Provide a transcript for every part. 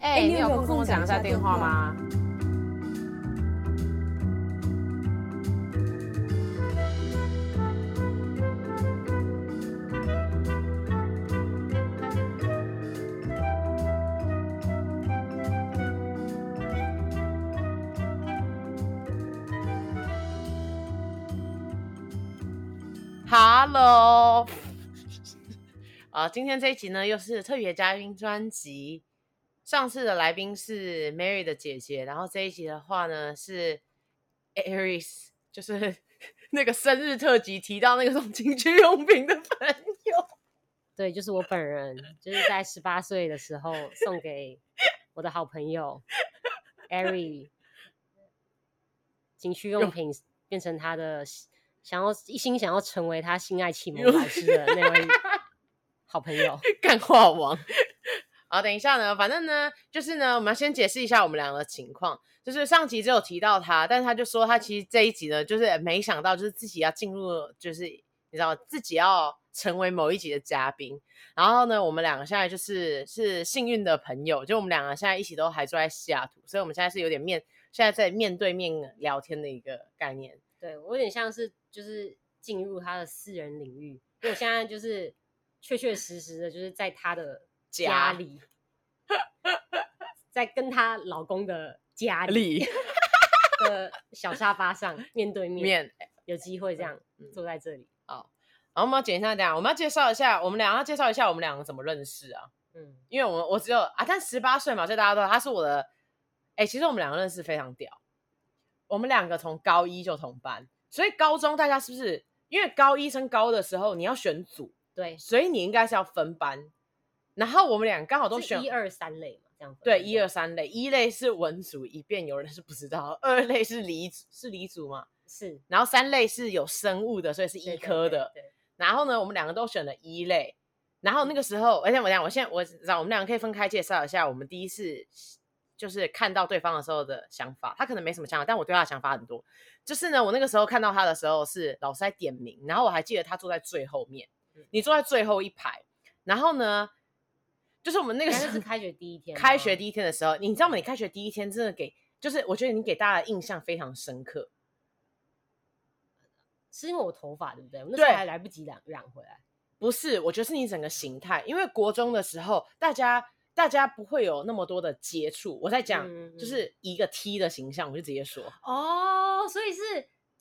哎，欸欸、你有空跟我講一下電話嗎？哈嘍，啊，今天這一集呢，又是特別嘉賓專輯。上次的來賓是 Mary 的姐姐，然後這一集的話呢是 Ari，就是那個生日特輯提到那個送情趣用品的朋友，對，就是我本人，就是在十八歲的時候送給我的好朋友 Ari 情趣用品，變成他的想要一心想要成為他性愛啟蒙老師的那位好朋友，幹 話王。好，等一下呢，反正呢，就是呢，我們要先解釋一下我們兩個的情況。就是上集只有提到他，但是他就說他其實這一集呢，就是沒想到，就是自己要進入，就是你知道，自己要成為某一集的嘉賓。然後呢，我們兩個現在就是是幸運的朋友，就我們兩個現在一起都還住在西雅圖，所以我們現在是有點面，現在在面對面聊天的一個概念。對，我有點像是就是進入他的私人領域，因為我現在就是確確實實的就是在他的。家裡， 在跟她老公的家裡的小沙發上面對面，面有機會這樣對、嗯、坐在這裡，哦、好，然後我們要剪一,一下，我們要介紹一,一下我們倆，要介紹一下我們倆怎麼認識啊？嗯，因為我我只有啊，但十八歲嘛，所以大家都知道他是我的，哎、欸，其實我們兩個認識非常屌，我們兩個從高一就同班，所以高中大家是不是？因為高一升高的時候你要選組，對，所以你應該是要分班。然後我們倆剛好都選一二三類嘛，這樣子。對，對一二三類，嗯、一類是文組，以便有人是不知道；嗯、二類是理組，是理組嘛，是。然後三類是有生物的，所以是醫科的。對對對對對，然後呢，我們兩個都選了一類。然後那個時候，而且我講，我現在我讓我們兩個可以分開介紹一下我們第一次就是看到對方的時候的想法。他可能沒什麼想法，但我對他的想法很多。就是呢，我那個時候看到他的時候是老師在點名，然後我還記得他坐在最後面，你坐在最後一排，嗯、然後呢？就是我們那個時候，就是開學第一天，哦，開學第一天的時候，你知道嗎？你開學第一天真的給，就是我覺得你給大家的印象非常深刻，是因為我頭髮對不對？我那時候還來不及染對染回來。不是，我覺得是你整個形態，因為國中的時候，大家大家不會有那麼多的接觸。我在講、嗯嗯嗯、就是一個 T 的形象，我就直接說哦，所以是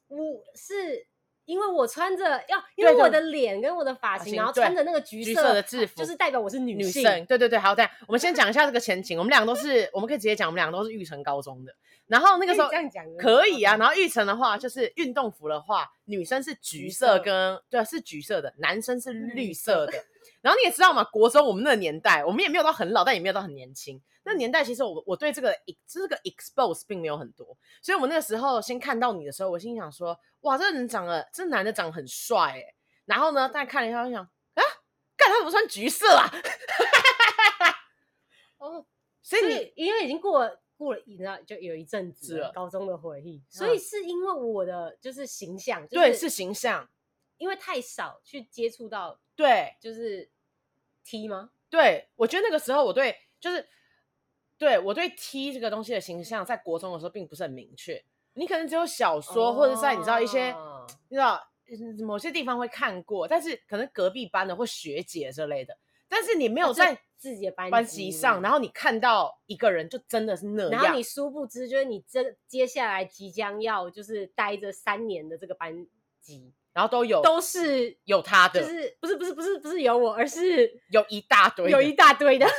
我是。因為我穿着要，因為我的臉跟我的髮型，對對然後穿着那個橘色、橘色的制服，啊，就是代表我是女性。女生對對對，還有這樣，我們先講一下這個前情。 我們倆都是，我們可以直接講，我們倆都是育成高中的。然後那個時候可以，可以啊。然後育成的話，就是運動服的話，女生是橘色跟橘色對，是橘色的，男生是綠色的。嗯 然後你也知道嘛，國中我們那個年代，我們也沒有到很老，但也沒有到很年輕。那年代其實我我對這個這個 expose 並沒有很多，所以我們那個時候先看到你的時候，我心想說：哇，這人長得這男的長得很帥誒、欸。然後呢，大家看了一下，我想啊，幹他怎麼穿橘色啊？哦 ，oh, 所以你因為已經過了過了，一呢就有一陣子了了高中的回憶，嗯、所以是因為我的就是形象，就是、對，是形象，因為太少去接觸到。對，就是 T 嗎？對，我覺得那個時候，我對就是對我對 T 這個東西的形象，在國中的時候並不是很明確。你可能只有小說，或者是在你知道一些、Oh. 你知道、嗯、某些地方會看過，但是可能隔壁班的或學姐之類的，但是你沒有在、啊、自己的班級上，然後你看到一個人，就真的是那樣。然後你殊不知，就是你這接下來即將要就是待着三年的這個班級。然後都有，都是有他的，就是不是不是不是不是有我，而是有一大堆，有一大堆的。堆的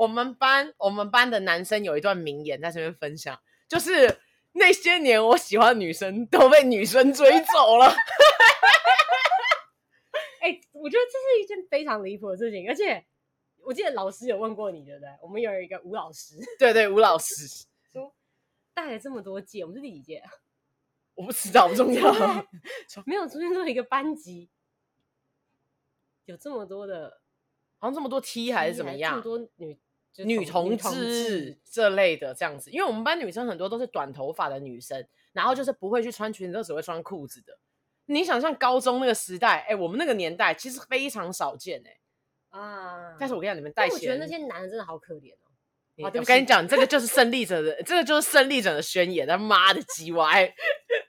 我們班我們班的男生有一段名言，在這邊分享，就是那些年我喜歡女生都被女生追走了。哎、 欸，我覺得這是一件非常離譜的事情，而且我記得老師有問過你，對不對？我們有一個吳老師， 對,對對，吳老師說帶了這麼多屆，我們是第幾屆我不知道，不重要，沒有出現這麼一個班級， 有這麼多的，好像這麼多 T 還是怎麼樣，這麼多女同女，同女同志這類的這樣子。因為我們班女生很多都是短頭髮的女生，然後就是不會去穿裙子，都只會穿褲子的。你想像高中那個時代，哎、欸，我們那個年代其實非常少見哎、欸、啊！Uh, 但是我跟你講，你們帶我覺得那些男的真的好可憐哦。啊、我跟你講，這個就是勝利者的， 這個就是勝利者的宣言，他媽的 G Y。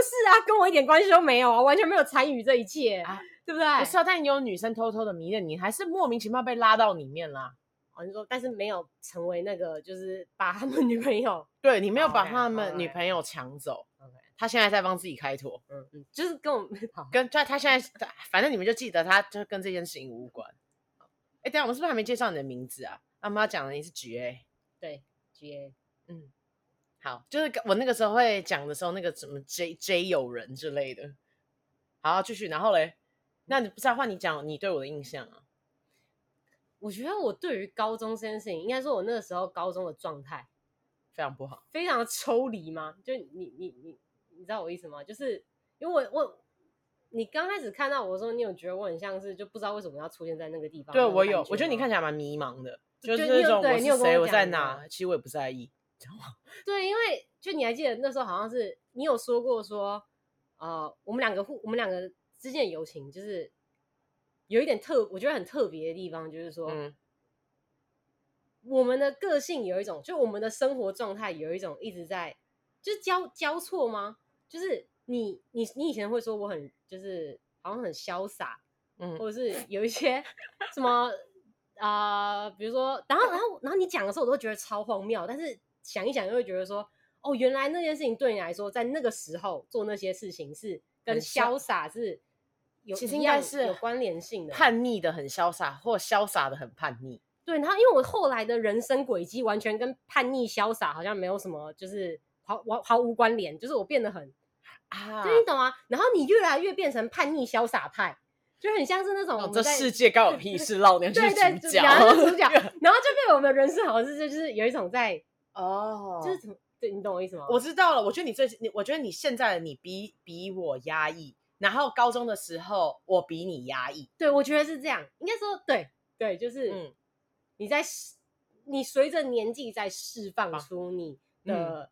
不是啊，跟我一點關係都沒有啊，完全沒有參與這一切，啊、對不對？不是啊，但有女生偷偷的迷戀你，還是莫名其妙被拉到裡面啦、啊。我是說，但是沒有成為那個，就是把他們女朋友，對你沒有把他們女朋友搶走。Okay, right，他現在在幫自己開脫，嗯 Okay. 嗯，就是跟我們，好跟他，他現在反正你們就記得，他就跟這件事情無關。哎好、欸，等下我們是不是還沒介紹你的名字啊？阿媽，媽講的你是 GA，對，GA，嗯。嗯好，就是我那個時候會講的時候，那個什麼 J J 友人之類的。好，繼續，然後嘞，那你不知道換你講你對我的印象啊？我覺得我對於高中這件事情，應該說我那個時候高中的狀態非常不好，非常的抽離嗎？就你你你你知道我意思嗎？就是因為我我你剛開始看到我的時候，你有覺得我很像是就不知道為什麼要出現在那個地方？對，我有，我覺得你看起來蠻迷茫的，就，就是那種你有我是誰我，我在哪，其實我也不在意。對，因為就你還記得那時候，好像是你有說過說，呃，我們兩個互，我們兩個之間的友情就是有一點特，我覺得很特別的地方，就是說，嗯、我們的個性有一種，就我們的生活狀態有一種一直在，就是交交錯嗎？就是你你你以前會說我很就是好像很瀟灑，嗯，或者是有一些什麼啊、 呃，比如說，然後然後然後你講的時候，我都覺得超荒謬，但是。想一想就會覺得說，哦，原來那件事情對你來說，在那個時候做那些事情是跟瀟灑是有，其實應該是有關聯性的，叛逆的很瀟灑，或瀟灑的很叛逆。對，然後因為我後來的人生軌跡完全跟叛逆瀟灑好像沒有什麼，就是毫毫毫無關聯，就是我變得很啊，就你懂啊？然後你越來越變成叛逆瀟灑派，就很像是那種我們這世界關我屁事，老娘 對對，兩人主角， 然後就被我們人生好像是就是有一種在。哦，oh. 就是怎麼，對，你懂我意思嗎？我知道了。我覺得你最，你，我覺得你現在你比比我壓抑，然後高中的時候我比你壓抑。對，我覺得是這樣。應該說，對對，就是，嗯，你在你隨着年紀在釋放出你的，嗯、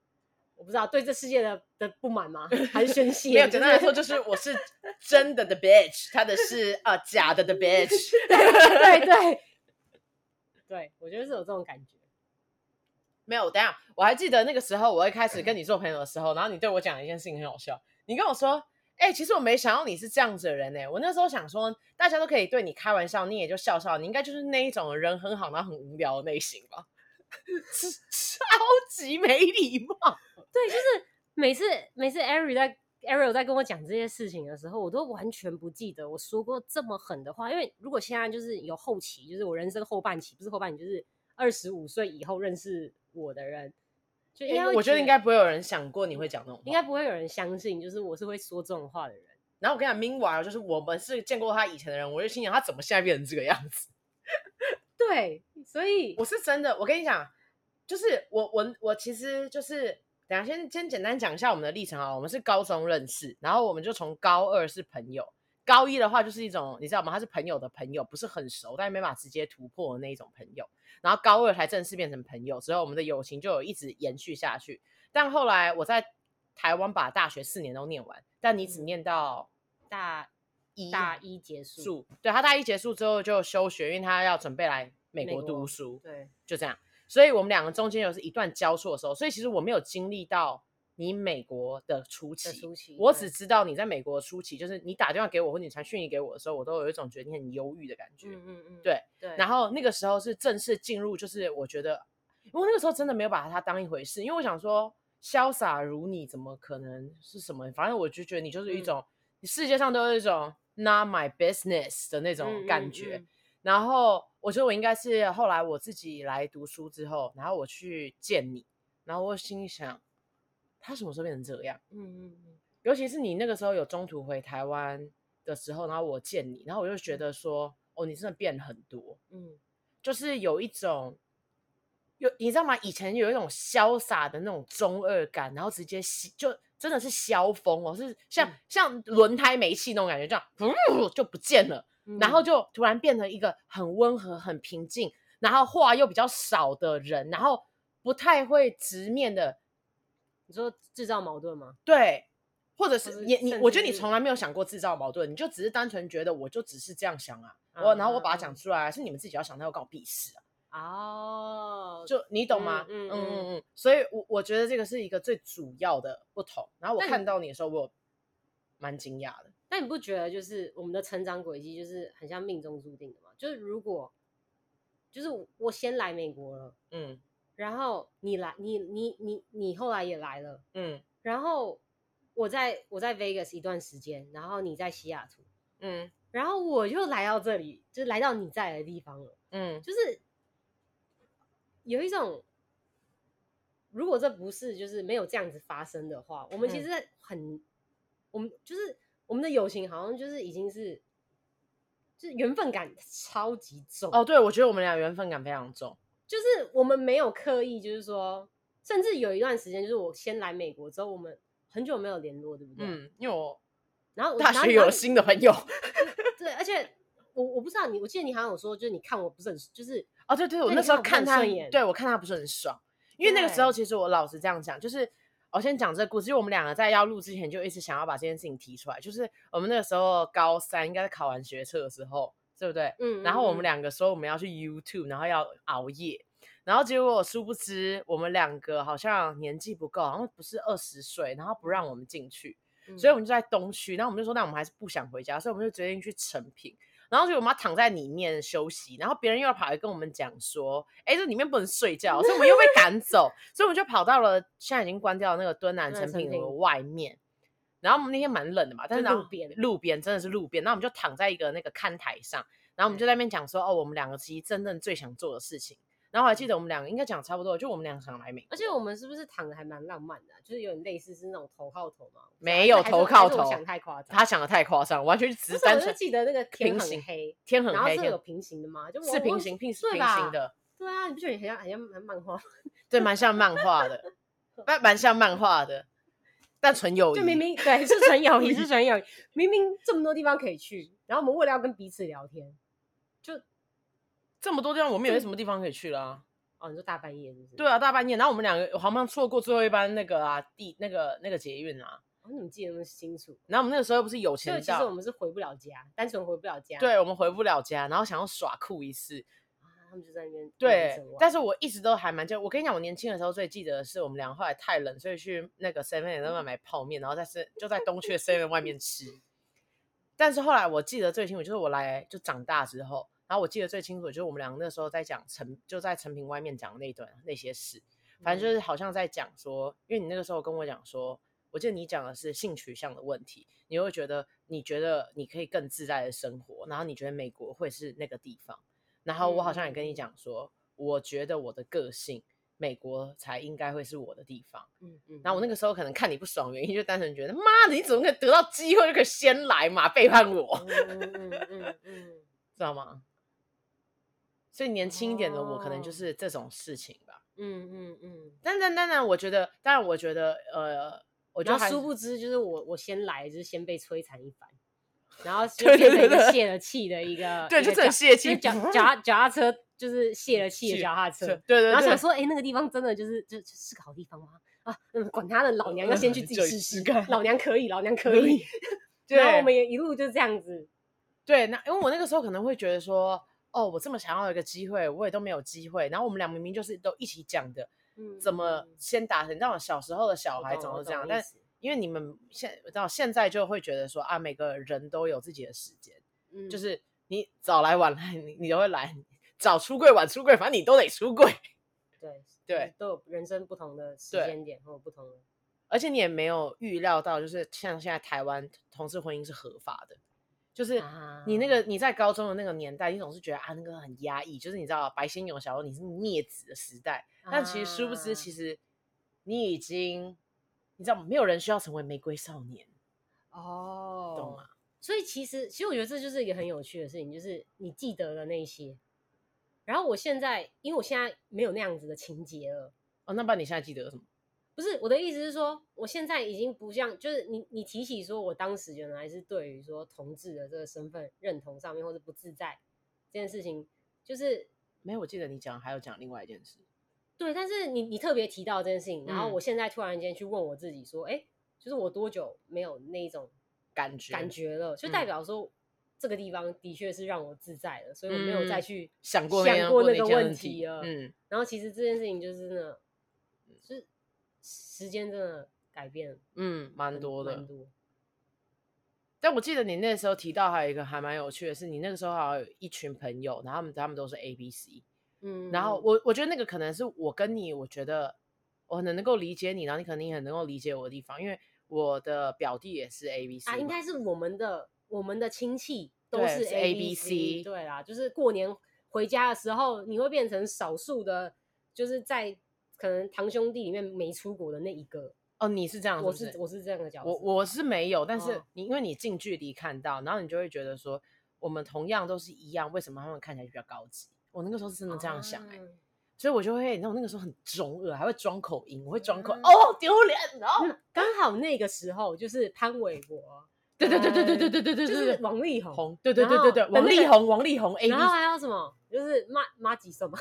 我不知道對這世界的的不滿嗎？還是宣洩？ 就是、沒有，簡單來說就是，我是真的的 bitch， 他的是呃、啊、假的的 bitch。對對 對，對、對、對我覺得是有這種感覺。沒有，等下，我還記得那個時候，我一開始跟你做朋友的時候，然後你對我講一件事情，很好笑。你跟我說，哎、欸，其實我沒想到你是這樣子的人呢、欸。我那時候想說，大家都可以對你開玩笑，你也就笑笑。你應該就是那一種人很好，然後很無聊的類型吧？ 超級沒禮貌。 對，就是每次每次 Ari 在 Ari 在跟我講這些事情的時候，我都完全不記得我說過這麼狠的話。因為如果現在就是有後期，就是我人生後半期，不是後半期，就是。二十五歲以後認識我的人，就因為我覺得應該不會有人想過你會講那種話，應該不會有人相信，就是我是會說這種話的人。然後我跟你講，Minwa，就是我們是見過他以前的人，我就心想他怎麼現在變成這個樣子？ 對，所以我是真的，我跟你講，就是我我我其實就是等下先先簡單講一下我們的歷程啊，我們是高中認識，然後我們就從高二是朋友。高一的話就是一種，你知道嗎？他是朋友的朋友，不是很熟，但沒法直接突破的那一種朋友。然後高二才正式變成朋友，之後我們的友情就有一直延續下去。但後來我在台灣把大學四年都念完，但你只念到大一，大一結束。對，他大一結束之後就休學，因為他要準備來美國讀書。對，就這樣。所以我們兩個中間有是一段交錯的時候，所以其實我沒有經歷到。你美國的初期，初期我只知道你在美國初期，就是你打電話給我或者你傳訊息給我的時候，我都有一種覺得你很憂鬱的感覺。嗯嗯對、嗯、對。對。然後那個時候是正式進入，就是我覺得，因為那個時候真的沒有把它當一回事，因為我想說，瀟灑如你，怎麼可能是什麼？反正我就覺得你就是一種、嗯、你世界上都有一種 not my business 的那種感覺。嗯嗯嗯，然後我覺得我應該是後來我自己來讀書之後，然後我去見你，然後我心裡想。他什麼時候變成這樣？嗯嗯嗯，尤其是你那個時候有中途回台灣的時候，然後我見你，然後我就覺得說，哦，你真的變很多，嗯，就是有一種，有你知道嗎？以前有一種瀟灑的那種中二感，然後直接就真的是消風，哦，是像、嗯、像輪胎沒氣那種感覺，這樣，呃呃呃就不見了，嗯、然後就突然變成一個很溫和、很平靜，然後話又比較少的人，然後不太會直面的。你說製造矛盾嗎？對，或者是你者是你，我覺得你從來沒有想過製造矛盾，你就只是單純覺得，我就只是這樣想啊，uh huh. 我然後我把它講出來，啊，是你們自己要想。它，我搞鄙視啊，哦、uh，huh. 就你懂嗎？嗯嗯嗯，嗯，嗯，所以我，我我覺得這個是一個最主要的不同。然後我看到你的時候，你我蠻驚訝的。但你不覺得就是我們的成長軌跡就是很像命中注定的嗎？就是如果就是我先來美國了，嗯。然後你來，你你你你後來也來了，嗯。然後我在我在 Vegas 一段時間，然後你在西雅圖，嗯。然後我就來到這裡，就來到你在的地方了，嗯。就是有一種，如果這不是就是沒有這樣子發生的話，我們其實很，嗯、我們就是我們的友情好像就是已經是，就是緣分感超級重哦。對，我覺得我們倆緣分感非常重。就是我們沒有刻意，就是說，甚至有一段時間，就是我先來美國之後，我們很久沒有聯絡，對不對？嗯，因為我，然後大學有了新的朋友。 對，而且我我不知道你，我記得你好像有說，就是你看我不是很，就是哦，對對，對我那時候看他一眼，對我看他不是很爽，因為那個時候其實我老實這樣講，就是我先講這個故事，因為我們兩個在要錄之前就一直想要把這件事情提出來，就是我們那個時候高三，應該是考完學測的時候。對不對？嗯，嗯，嗯，然後我們兩個說我們要去 YouTube，然後要熬夜，然後結果殊不知我們兩個好像年紀不夠，然後不是二十歲，然後不讓我們進去，嗯、所以我們就在東區，然後我們就說，那我們還是不想回家，所以我們就決定去誠品，然後所以我們要躺在裡面休息，然後別人又要跑來跟我們講說，哎、欸，這裡面不能睡覺，所以我們又被趕走， 所以我們就跑到了現在已經關掉那個敦南誠品的外面。然後我們那天蠻冷的嘛，但是路邊路邊真的是路邊，然後我們就躺在一個那個看台上，然後我們就在那邊講說，哦，我們兩個其實真正最想做的事情，然後我還記得我們兩個應該講差不多，就我們兩個想來美國，而且我們是不是躺的還蠻浪漫的，就是有點類似是那種頭靠頭嘛。沒有頭靠頭，他想太誇張，他想的太誇張，完全是直三成。我就記得那個天很黑，天很黑，天有平行的嗎？是平行拼，是平行的。對啊，你不覺得你很像很像漫畫？對，蠻像漫畫的，蠻蠻像漫畫的。但純友誼，就明明對是純友誼，是純友誼。 明明這麼多地方可以去，然後我們為了要跟彼此聊天，就這麼多地方，我們也沒,沒什麼地方可以去了、啊。哦，你說大半夜，是不是？對啊，大半夜。然後我們兩個好像錯過最後一班那個啊，地那個那個捷運啊。哦，你記得那麼清楚、啊。然後我們那個時候又不是有錢人家，就其實我們是回不了家，單純回不了家。對，我們回不了家，然後想要耍酷一次。他們就在那邊對，但是我一直都還蠻記得，就我跟你講，我年輕的時候最記得的是我們兩個後來太冷，所以去那個 seven eleven 買泡麵，嗯、然後在就在東區 seven 外面吃。 但是後來我記得最清楚就是我來就長大之後，然後我記得最清楚就是我們兩個那時候在講誠，就在誠品外面講那一段那些事，嗯、反正就是好像在講說，因為你那個時候跟我講說，我記得你講的是性取向的問題，你會覺得你覺得你可以更自在的生活，然後你覺得美國會是那個地方。然後我好像也跟你講說，嗯、我覺得我的個性，美國才應該會是我的地方。嗯嗯。嗯，然後我那個時候可能看你不爽，原因就單純覺得，媽的，你怎麼可以得到機會就可以先來嘛，背叛我。嗯嗯嗯嗯，知、嗯、道、嗯嗯、 嗎？所以年輕一點的我，可能就是這種事情吧。哦、嗯嗯嗯但。但，但當然，我覺得當然我覺得呃，我覺得殊不知就是我我先來，就是先被摧殘一番。然後就變成一個泄了氣的一個，對，個就是泄氣，腳腳踏腳踏車就是泄了氣的腳踏車，是是對對，對。然後想說，哎、欸，那個地方真的就是就是是個好地方嗎？啊，管他的，老娘我要先去自己試試看，老娘可以，老娘可以。對對，然後我們也一路就這樣子。對，那因為我那個時候可能會覺得說，哦，我這麼想要一個機會，我也都沒有機會。然後我們倆明明就是都一起講的，嗯，怎麼先達成？你知道我小時候的小孩總是這樣，但。因為你們現到現在就會覺得說啊，每個人都有自己的時間、嗯，就是你早來晚來，你你都會來，早出櫃晚出櫃，反正你都得出櫃。對對，對都有人生不同的時間點對或者不同的。而且你也沒有預料到，就是像現在台灣同性婚姻是合法的，就是你那個你在高中的那個年代，你總是覺得啊那個很壓抑，就是你知道白先勇小時候你是孽子的時代，但其實殊不知其實你已經。你知道嗎？沒有人需要成為玫瑰少年哦，oh. 懂嗎？所以其實，其實我覺得這就是一個很有趣的事情，就是你記得了那些。然後我現在，因為我現在沒有那樣子的情節了哦。Oh, 那不然你現在記得了什麼？不是我的意思是說，我現在已經不像，就是你你提起說，我當時原來是對於說同志的這個身份認同上面，或者不自在這件事情，就是沒有。我記得你講還有講另外一件事。對，但是你你特別提到這件事情，然後我現在突然間去問我自己說，哎、嗯欸，就是我多久沒有那一種感覺感覺了？覺嗯、就代表說這個地方的確是讓我自在了，嗯、所以我沒有再去想過想過那個問題了。題嗯，然後其實這件事情就是呢，嗯、就是時間真的改變嗯，蠻多的。多但我記得你那時候提到還有一個還蠻有趣的是，你那個時候好像有一群朋友，然後他們他們都是 A、B、C。嗯，然後我我覺得那個可能是我跟你，我覺得我可能能夠理解你，然後你可能也很能夠理解我的地方，因為我的表弟也是 ABC 啊，應該是我們的我們的親戚都是 ABC，對，對啦，就是過年回家的時候，你會變成少數的，就是在可能堂兄弟裡面沒出國的那一個。哦，你是這樣是不是？我是我是這樣的角色，我我是沒有，但是你、哦、因為你近距離看到，然後你就會覺得說，我們同樣都是一樣，為什麼他們看起來就比較高級？我那個時候是真的這樣想哎，所以我就會，你知道我那個時候很中二，還會裝口音，我會裝口哦，丟臉哦。剛好那個時候就是潘瑋柏，對對對對對對對對對，就是王力宏，對對對對對，王力宏王力宏，然後還有什麼，就是麻麻吉什麼，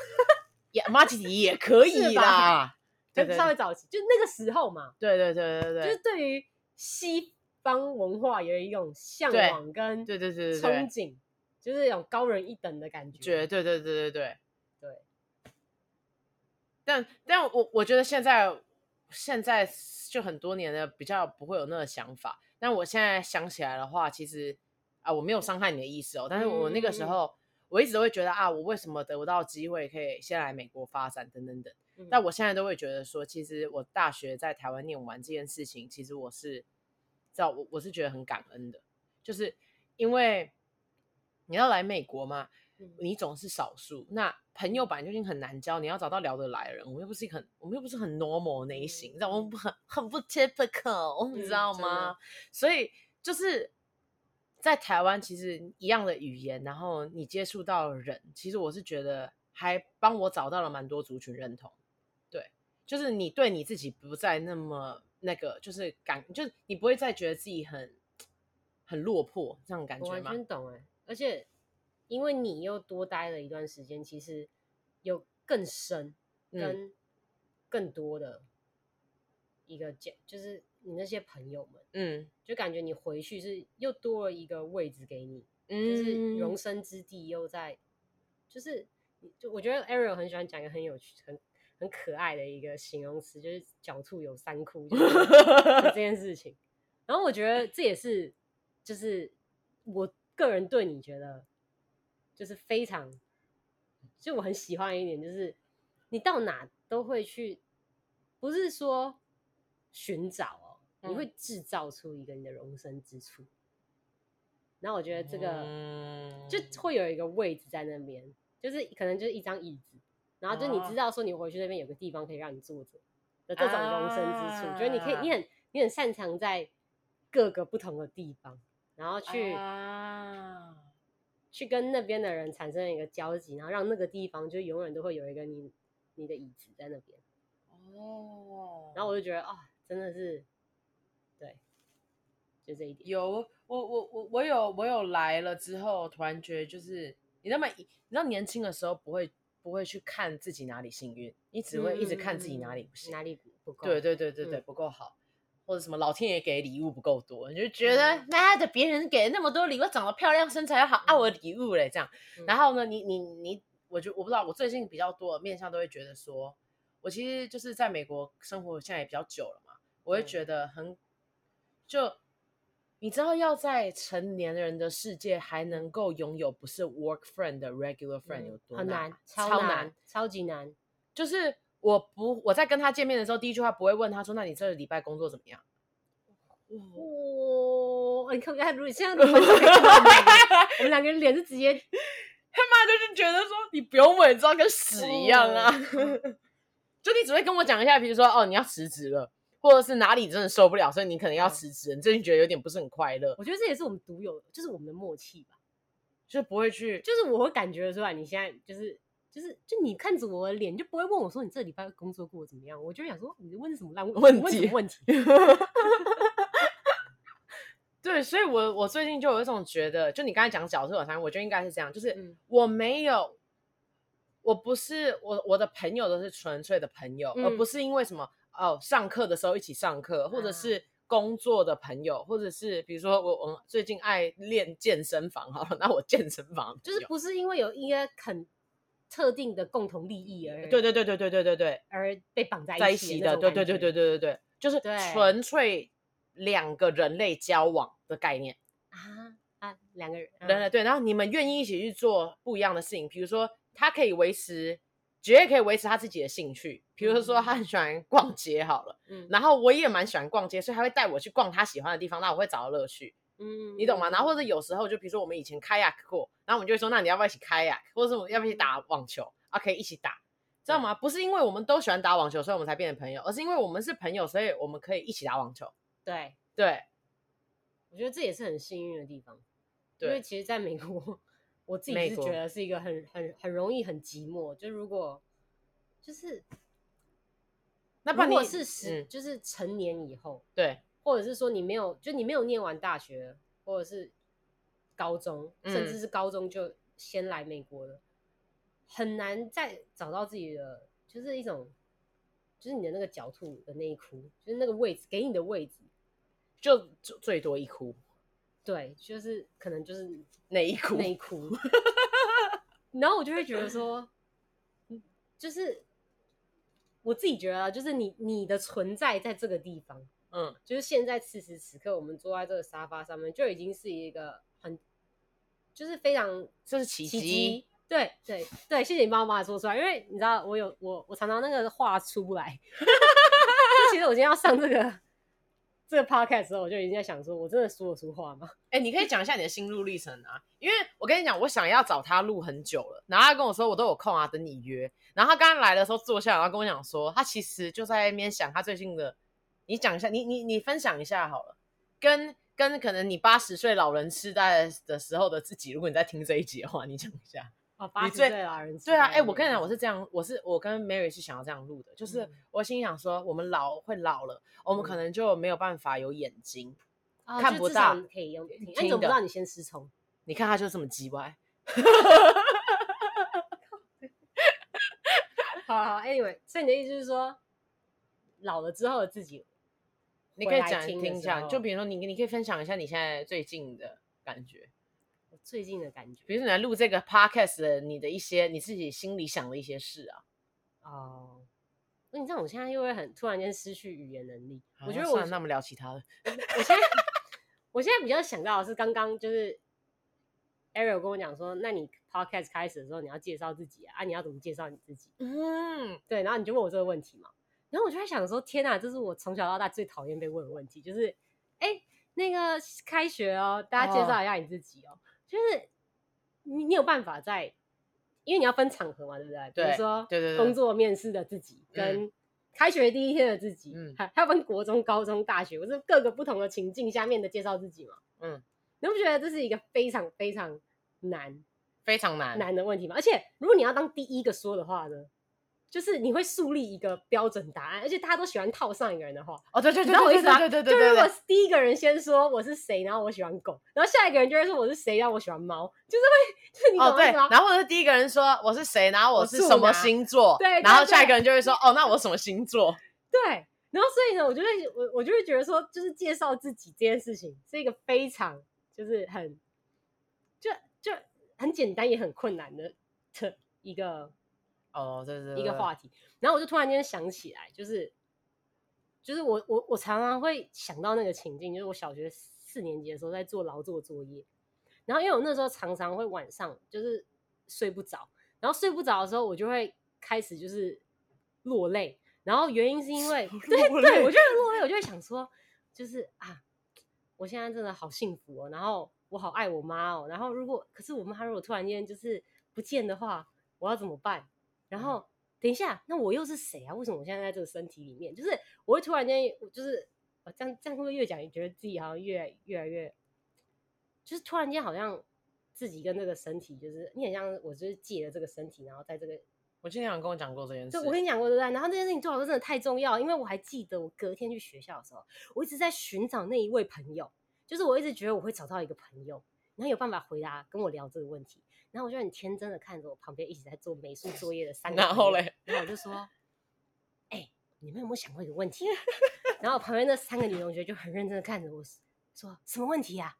也麻吉弟也可以啦，稍微早期就那個時候嘛，對對對對對，就是對於西方文化有一種嚮往跟對對對對憧憬。就是那種高人一等的感覺，絕對對對對對對對。對但但我我覺得現在現在就很多年了，比較不會有那個想法。但我現在想起來的話，其實啊，我沒有傷害你的意思哦。但是我那個時候嗯嗯嗯，我一直都會覺得啊，我為什麼得不到機會可以先來美國發展等等等。但我現在都會覺得說，其實我大學在台灣唸完這件事情，其實我是知道我，我是覺得很感恩的，就是因為。你要來美國嗎？你總是少數，嗯、那朋友本來就已經很難交。你要找到聊得來的人，我們又不是很，我們又不是很 normal 那一型，嗯、你知道嗎？很很不 typical，、嗯、你知道嗎？的所以就是在台灣，其實一樣的語言，然後你接觸到人，其實我是覺得還幫我找到了蠻多族群認同。對，就是你對你自己不再那麼那個，就是感，就是你不會再覺得自己很很落魄這樣感覺嗎？我完全懂哎、欸。而且，因為你又多待了一段時間，其實有更深、跟更多的一個講，嗯、就是你那些朋友們，嗯，就感覺你回去是又多了一個位置給你，嗯、就是容身之地，又在，就是就我覺得 Ariel 很喜歡講一個很有趣、很很可愛的一個形容詞，就是“狡兔有三窟”就是、這件事情。 然後我覺得這也是，就是我。個人對你覺得就是非常，就我很喜歡一點，就是你到哪都會去，不是說尋找哦，你會製造出一個你的容身之處。然後我覺得這個就會有一個位置在那邊，就是可能就是一張椅子，然後就你知道說你回去那邊有個地方可以讓你坐着的這種容身之處，就是你可以，你很你很擅長在各個不同的地方，然後去。去跟那邊的人產生一個交集，然後讓那個地方就永遠都會有一個你你的椅子在那邊。哦，oh. 然後我就覺得啊、哦，真的是，對，就這一點。有我我我我有我有來了之後，突然覺得就是你那麼你知道年輕的時候不會不會去看自己哪裡幸運，你只會一直看自己哪裡、嗯、不幸運、不行，哪裡不夠。對對對對對，嗯、不夠好。或者什麼老天爺給的禮物不夠多，你就覺得、嗯、媽的，別人給那麼多禮物，長得漂亮、身材又、嗯、好，愛我的禮物嘞，這樣。嗯、然後呢，你你你，我就我不知道，我最近比較多面向都會覺得說，我其實就是在美國生活現在也比較久了嘛，我會覺得很，嗯、就你知道要在成年人的世界還能夠擁有不是 work friend 的 regular friend，嗯、有多難，超難，超難，超級難，超級難，就是。我不我在跟他見面的時候，第一句話不會問他說：“那你這個禮拜工作怎麼樣？”哇！你看，不如你現在你我，我們兩個人 臉是直接他媽就是覺得說你不用偽裝跟屎一樣啊！哦、 就你只會跟我講一下，比如說哦，你要辭職了，或者是哪裡真的受不了，所以你可能要辭職，嗯、你最近覺得有點不是很快樂。我覺得這也是我們獨有的，就是我們的默契吧，就是不會去，就是我會感覺出來你現在就是。就是，就你看着我的臉，就不會問我說你這禮拜工作過怎麼樣？我就想說，你問什麼爛問、問題？問、問題？ 對，所以我，我我最近就有一種覺得，就你剛才講角色有差異，我覺得應該是這樣，就是我沒有，嗯、我不是我我的朋友都是純粹的朋友，而、嗯、不是因為什麼哦，上課的時候一起上課，或者是工作的朋友，啊、或者是比如說我我最近愛練健身房，好那我健身房就、就是不是因為有一些肯。特定的共同利益而對對對對對對對對，而被綁在一起的對對對對對對對，就是純粹兩個人類交往的概念啊啊兩個人對對對，然後你們願意一起去做不一樣的事情，比如說他可以維持，絕對可以維持他自己的興趣，比如說他很喜歡逛街好了，嗯，然後我也蠻喜歡逛街，所以他會帶我去逛他喜歡的地方，那我會找到樂趣。嗯，你懂嗎？嗯嗯、然後或者有時候，就比如說我們以前 kayak 過，然後我們就會說，那你要不要一起 kayak，或者什麼，要不要一起打網球？啊、嗯，可以、okay, 一起打，對知道嗎？不是因為我們都喜歡打網球，所以我們才變成朋友，而是因為我們是朋友，所以我們可以一起打網球。對對，對我覺得這也是很幸運的地方。對，因為其實在美國，我自己是覺得是一個很很很容易很寂寞，就如果就是那不如果是是、嗯、就是成年以後，對。或者是說你沒有，就你沒有念完大學，或者是高中，嗯、甚至是高中就先來美國了，很難再找到自己的，就是一種，就是你的那個狡兔的那一窟，就是那個位置給你的位置，就，就最多一窟，對，就是可能就是那一窟那一窟， 然後我就會覺得說，就是我自己覺得、啊，就是你你的存在在這個地方。嗯，就是現在此時此刻，我們坐在這個沙發上面，就已經是一個很，就是非常，就是奇蹟，對對對，謝謝你幫我說出來，因為你知道我有我我常常那個話出不來， 就其實我今天要上這個這個 podcast 的時候，我就已經在想說，我真的說得出話嗎？哎，欸、你可以講一下你的心路歷程啊，因為我跟你講，我想要找他錄很久了，然後他跟我說我都有空啊，等你約，然後他剛剛來的時候坐下，然後他跟我講說，他其實就在那邊想他最近的。你講一下，你你你分享一下好了，跟跟可能你八十歲老人痴呆的時候的自己，如果你在聽這一集的話，你講一下。哦，八十歲老人痴呆。最對啊，哎、欸，我跟你講，我是這樣，我是我跟 Mary 是想要這樣錄的，就是我心想說，我們老會老了，嗯、我們可能就沒有辦法有眼睛，嗯、看不到，可你怎麼知道你先失聰？看你看他就這麼嘰歪 好好，Anyway，所以你的意思就是說，老了之後的自己。你可以講聽一下，就比如說你，你可以分享一下你現在最近的感覺。我最近的感覺，比如說你來錄這個 podcast 的你的一些你自己心裡想的一些事啊。哦，那你知道我現在又會很突然間失去語言能力。哦，我覺得我想那麼聊其他的， 我現在我現在比較想到的是剛剛就是 Ariel 跟我講說，那你 podcast 開始的時候你要介紹自己啊，啊你要怎麼介紹你自己？嗯，對，然後你就問我這個問題嘛。然後我就在想說，天哪，這是我從小到大最討厭被問的問題，就是，哎，那個開學哦，大家介紹一下你自己哦，oh. 就是你你有辦法在，因為你要分場合嘛，對不對？對，比如說對,對對，工作面試的自己跟開學第一天的自己，嗯，還還要分國中、高中、大學，我、就是各個不同的情境下面的介紹自己嘛，嗯，你不覺得這是一個非常非常難、非常難難的問題嗎？而且如果你要當第一個說的話呢？就是你會樹立一個標準答案，而且大家都喜歡套上一個人的話。哦，對對對，懂我意思吧對對，對對對對。就如果是第一個人先說我是誰，然後我喜歡狗，然後下一個人就會說我是誰，然後我喜歡貓，就是會你懂我意思嗎？哦對。然後或者是第一個人說我是誰，然後我是什麼星座，對，然後下一個人就會說、嗯、哦，那我什麼星座？對。然後所以呢，我就會，我我就會覺得說，就是介紹自己這件事情是一個非常就是很就就很簡單也很困難的一個。哦，oh, 對，對，對對，一個話題。然後我就突然間想起來，就是，就是我我我常常會想到那個情境，就是我小學四年級的時候在做勞作作業。然後因為我那時候常常會晚上就是睡不着，然後睡不着的時候，我就會開始就是落淚。然後原因是因為，落淚，對，對我就會落淚，我就會想說，就是啊，我現在真的好幸福哦，然後我好愛我媽哦，然後如果可是我媽如果突然間就是不見的話，我要怎麼辦？然後、嗯、等一下，那我又是誰啊？為什麼我現在在這個身體裡面？就是我會突然間，我就是我這樣這樣，會不會越講越覺得自己好像越越來越，就是突然間好像自己跟這個身體，就是你很像我，就是借了這個身體，然後在這個……我今天晚上跟我講過這件事，對，我跟你講過，對不對？然後那件事情做好真的太重要，因為我還記得我隔天去學校的時候，我一直在尋找那一位朋友，就是我一直覺得我會找到一個朋友，然後有辦法回答跟我聊這個問題。那我就很天真的看着我旁邊一直在做美術作業的三個女同學，然後，然後我就說：“哎、欸，你們有沒有想過一個問題、啊？” 然後旁邊那三個女同學就很認真的看着我說：“什麼問題啊？”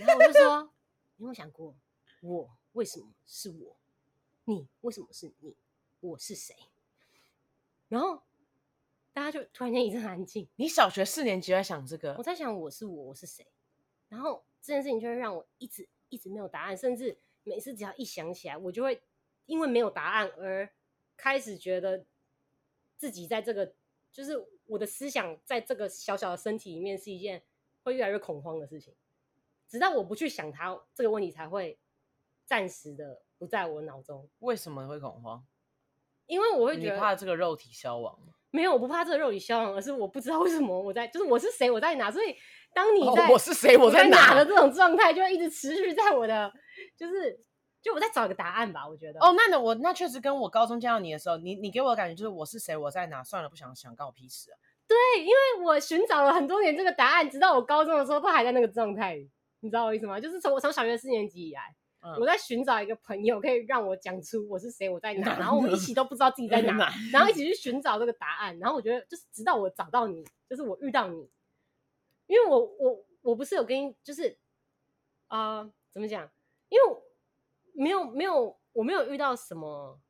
然後我就說：“你有沒 有想過，我為什麼是我？你為什麼是你？我是誰？”然後大家就突然間一陣很安靜。你小學四年級在想這個？我在想我是我，我是誰？然後這件事情就會讓我一直一直沒有答案，甚至。每次只要一想起來，我就會因為沒有答案而開始覺得自己在這個，就是我的思想在這個小小的身體裡面是一件會越來越恐慌的事情。直到我不去想它，這個問題才會暫時的不在我腦中。為什麼會恐慌？因為我會覺得，你怕這個肉體消亡嗎？沒有，我不怕這個肉體消亡，而是我不知道為什麼我在，就是我是誰，我在哪。所以當你在、哦、我是誰我在哪，我在，我在哪的這種狀態，就會一直持續在我的。就是，就我在找一個答案吧。我覺得哦，oh, 那那我那確實跟我高中見到你的時候，你你給我的感覺就是我是誰，我在哪？算了，不想想關我屁事。對，因為我尋找了很多年這個答案，直到我高中的時候，都還在那個狀態。你知道我意思嗎？就是從我從小學四年級以來，嗯、我在尋找一個朋友，可以讓我講出我是誰，我在哪，嗯、然後我們一起都不知道自己在哪， 然後一起去尋找這個答案。然後我覺得，就是直到我找到你，就是我遇到你，因為我我我不是有跟你就是啊、呃，怎麼講？因為沒有沒有，我沒有遇到什麼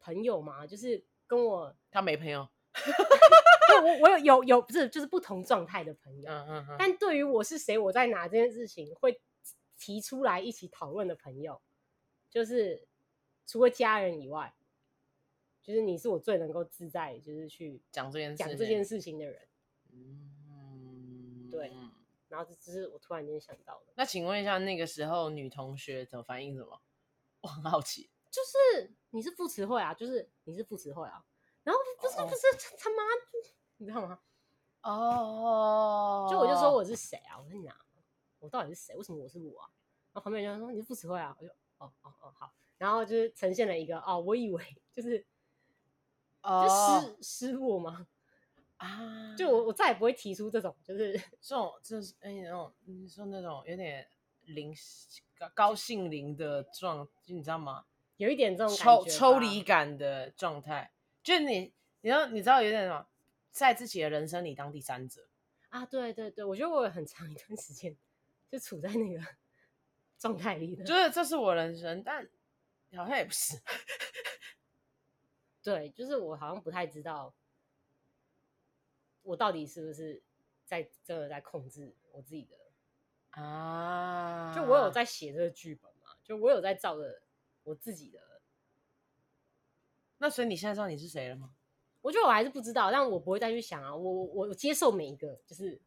朋友嘛，就是跟我他沒朋友。 我我有有有，不是，就是不同狀態的朋友。嗯嗯嗯。嗯嗯，但對於我是誰，我在哪這件事情，會提出來一起討論的朋友，就是除了家人以外，就是你是我最能夠自在，就是去講這件講這件事情的人。嗯，嗯對。然後這只是我突然間想到的。那請問一下，那個時候女同學怎麼反應？什麼？我很好奇。就是你是副詞彙啊，就是你是副詞彙啊。然後、oh. 不是不是他媽就，你知道嗎？哦。Oh. 就我就說我是誰啊？我在哪？我到底是誰？為什麼我是我啊？然後旁邊人就說你是副詞彙啊。我就哦哦哦好。然後就是呈現了一個哦，oh. 我以為就是哦失失落嗎？啊！就我，我再也不會提出這種，就是這種，就是哎，欸、那種你說那種有點零高高性靈的狀，你知道嗎？有一點這種抽抽離感的狀態，就你，你知道，你知道有點什麼，在自己的人生裡當第三者啊？對對對，我覺得我很長一段時間就處在那個狀態裡的，就是這是我人生，但好像也不是。 對，就是我好像不太知道。我到底是不是在這個在控制我自己的啊？就我有在寫這個劇本嘛？就我有在照着我自己的？那所以你現在知道你是誰了嗎？我覺得我還是不知道，但我不會再去想啊。我我我接受每一個，就是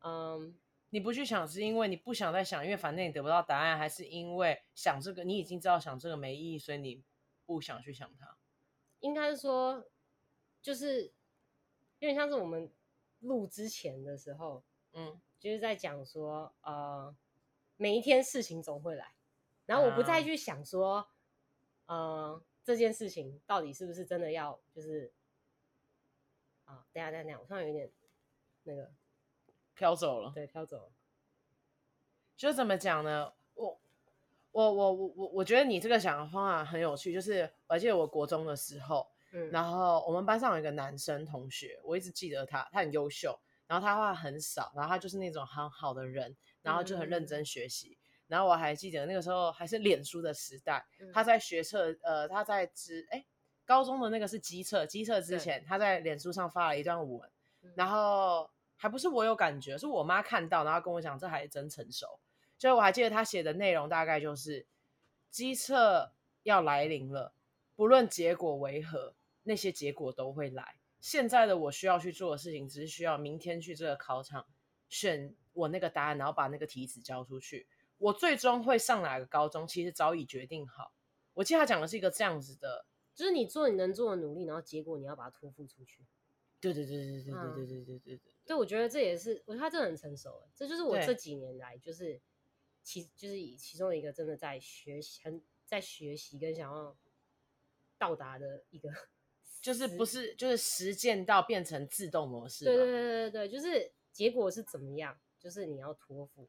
嗯，你不去想，是因為你不想再想，因為反正你得不到答案，還是因為想這個你已經知道想這個沒意義，所以你不想去想它。應該說就是。因為像是我們錄之前的時候，嗯，就是在講說，呃，每一天事情總會來，然後我不再去想說，啊、呃，這件事情到底是不是真的要，就是，啊，等一下等一下，我突然有點那個飄走了，對，飄走了。就怎麼講呢？我我我我我我覺得你這個想法很有趣，就是我記得我國中的時候。嗯、然後我們班上有一個男生同學，我一直記得他，他很優秀。然後他話很少，然後他就是那種很好的人，然後就很認真學習。嗯嗯、然後我還記得那個時候還是臉書的時代，嗯、他在學測呃，他在指哎，高中的那個是基測，基測之前他在臉書上發了一段文，對然後還不是我有感覺，是我媽看到，然後跟我講這還真成熟。就我還記得他寫的內容大概就是基測要來臨了，不論結果為何。那些結果都會來。現在的我需要去做的事情，只是需要明天去這個考場選我那個答案，然後把那個題紙交出去。我最終會上哪個高中，其實早已決定好。我記得他講的是一個這樣子的，就是你做你能做的努力，然後結果你要把它托付出去。對對對對對對對對對對對。對，我覺得這也是，我覺得他真的很成熟。這就是我這幾年來，就是對，就是其就是以其中一個真的在學習，很在學習跟想要到達的一個。就是不是就是實踐到變成自動模式？對對對對對，就是結果是怎麼樣？就是你要託付，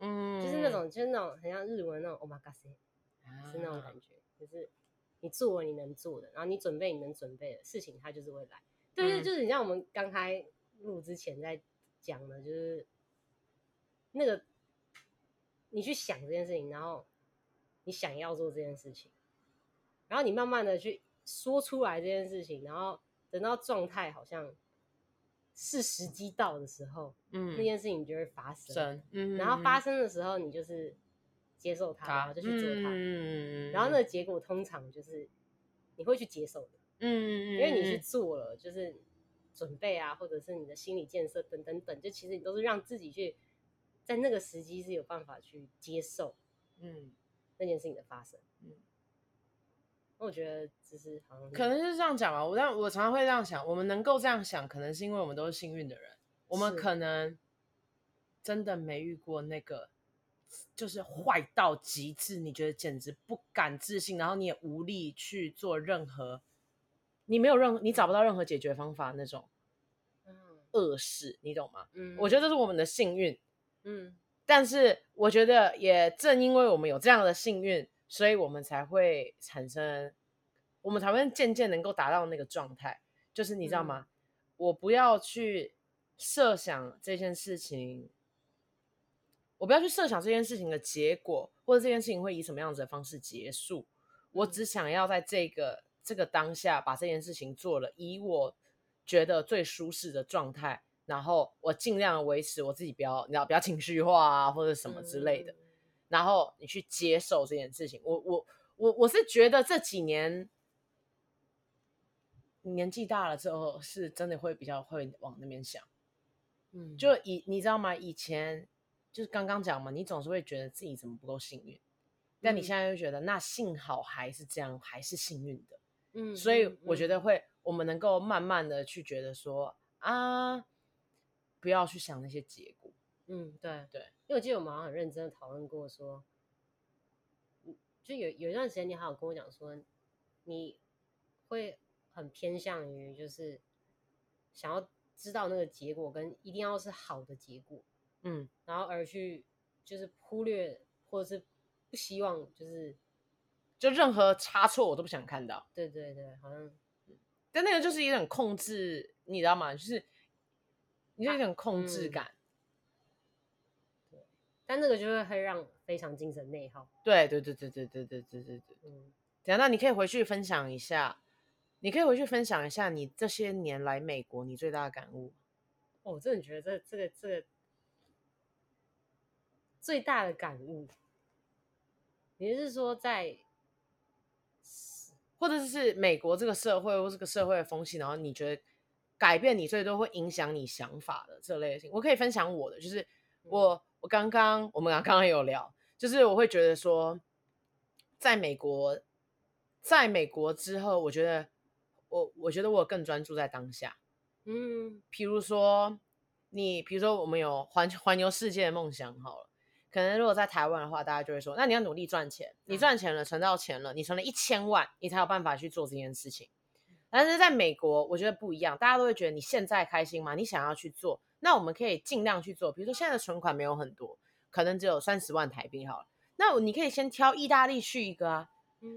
嗯就，就是那種就是那種很像日文那種「おまかせ」，是那種感覺。就是你做了你能做的，然後你準備你能準備的事情，它就是會來。對對、嗯，就是你像我們剛開錄之前在講的，就是那個你去想這件事情，然後你想要做這件事情，然後你慢慢的去。說出來這件事情，然後等到狀態好像是時機到的時候，嗯，那件事情就會發生，嗯，然後發生的時候，你就是接受它，卡然後就去做它，嗯，然後那個結果通常就是你會去接受的，嗯，因為你去做了，就是準備啊，或者是你的心理建設等等等，就其實你都是讓自己去在那個時機是有辦法去接受，那件事情的發生，嗯我覺得只是可能是這樣講吧。我但我常常會這樣想，我們能夠這樣想，可能是因為我們都是幸運的人。我們可能真的沒遇過那個就是壞到極致，嗯、你覺得簡直不敢置信，然後你也無力去做任何，你沒有任何，你找不到任何解決方法那種，惡事，嗯、你懂嗎？嗯，我覺得這是我們的幸運，嗯，但是我覺得也正因為我們有這樣的幸運。所以我們才會產生，我們才會漸漸能夠達到那個狀態，就是你知道嗎？嗯、我不要去設想這件事情，我不要去設想這件事情的結果，或者這件事情會以什麼樣子的方式結束。我只想要在這個、嗯、這個當下把這件事情做了，以我覺得最舒適的狀態，然後我儘量維持我自己不要，你要不要情緒化啊，或者什麼之類的。嗯然後你去接受這件事情，我我我我是覺得這幾年年紀大了之後，是真的會比較會往那邊想，嗯，就以你知道嗎？以前就是剛剛講嘛，你總是會覺得自己怎麼不夠幸運，但你現在又覺得、嗯、那幸好還是這樣，還是幸運的，嗯，嗯嗯，所以我覺得會我們能夠慢慢的去覺得說啊，不要去想那些結果，嗯，對對。因為我記得我們好像很認真的討論過說，說就有有一段時間，你還有跟我講說，你會很偏向於就是想要知道那個結果，跟一定要是好的結果，嗯，然後而去就是忽略或者是不希望就是就任何差錯我都不想看到。對對對，好像但那個就是一種控制，你知道嗎？就是你有一種控制感。啊，嗯。但那個就會會讓非常精神內耗。對對對對對對對對對對。嗯，等一下，那你可以回去分享一下，你可以回去分享一下你這些年來美國你最大的感悟？哦，我真的覺得這這個這個最大的感悟，你是說在，或者是美國這個社會或這個社會的風氣，然後你覺得改變你最多、會影響你想法的這類型，我可以分享我的，就是我。嗯我剛剛我們剛剛有聊，就是我會覺得說，在美國，在美國之後我我，我覺得我我覺得我更專注在當下。嗯，比如說你，比如說我們有環環遊世界的夢想，好了，可能如果在台灣的話，大家就會說，那你要努力賺錢，你賺錢了，存到錢了，你存了一千萬，你才有辦法去做這件事情。但是在美國，我覺得不一樣，大家都會覺得你現在開心嗎？你想要去做？那我們可以盡量去做，比如說現在的存款沒有很多，可能只有三十萬台幣好了。那你可以先挑意大利，去一個啊，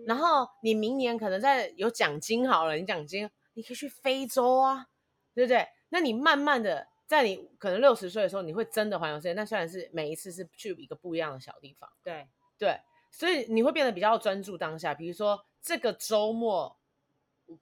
然後你明年可能再有獎金好了，你獎金，你可以去非洲啊，對不對？那你慢慢的，在你可能六十歲的時候，你會真的環遊世界。那雖然是每一次是去一個不一樣的小地方，對對，所以你會變得比較專注當下。比如說這個週末，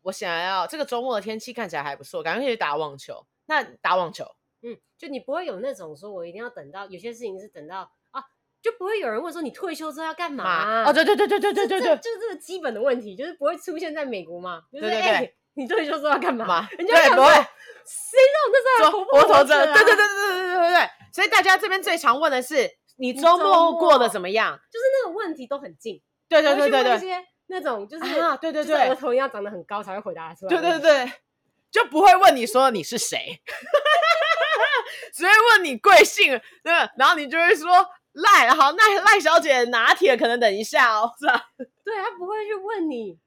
我想要這個週末的天氣看起來還不錯，趕快去打網球。那打網球。嗯，就你不會有那種說我一定要等到有些事情是等到啊，就不會有人問說你退休之後要幹嘛啊？對對對對對對對，就是這個基本的問題，就是不會出現在美國嘛？對對對，你退休之後要幹嘛？人家不會，誰知道那時候頭髮頭正？對對對對對對對對，所以大家這邊最常問的是你周末過得怎麼樣？就是那個問題都很近。對對對對，一些那種就是啊，對對對，額頭要長得很高才會回答出來。對對對，就不會問你說你是誰。所以 問你貴姓，對吧？然後你就會說賴，好，那賴小姐拿鐵，可能等一下哦，是吧？對，他不會去問你，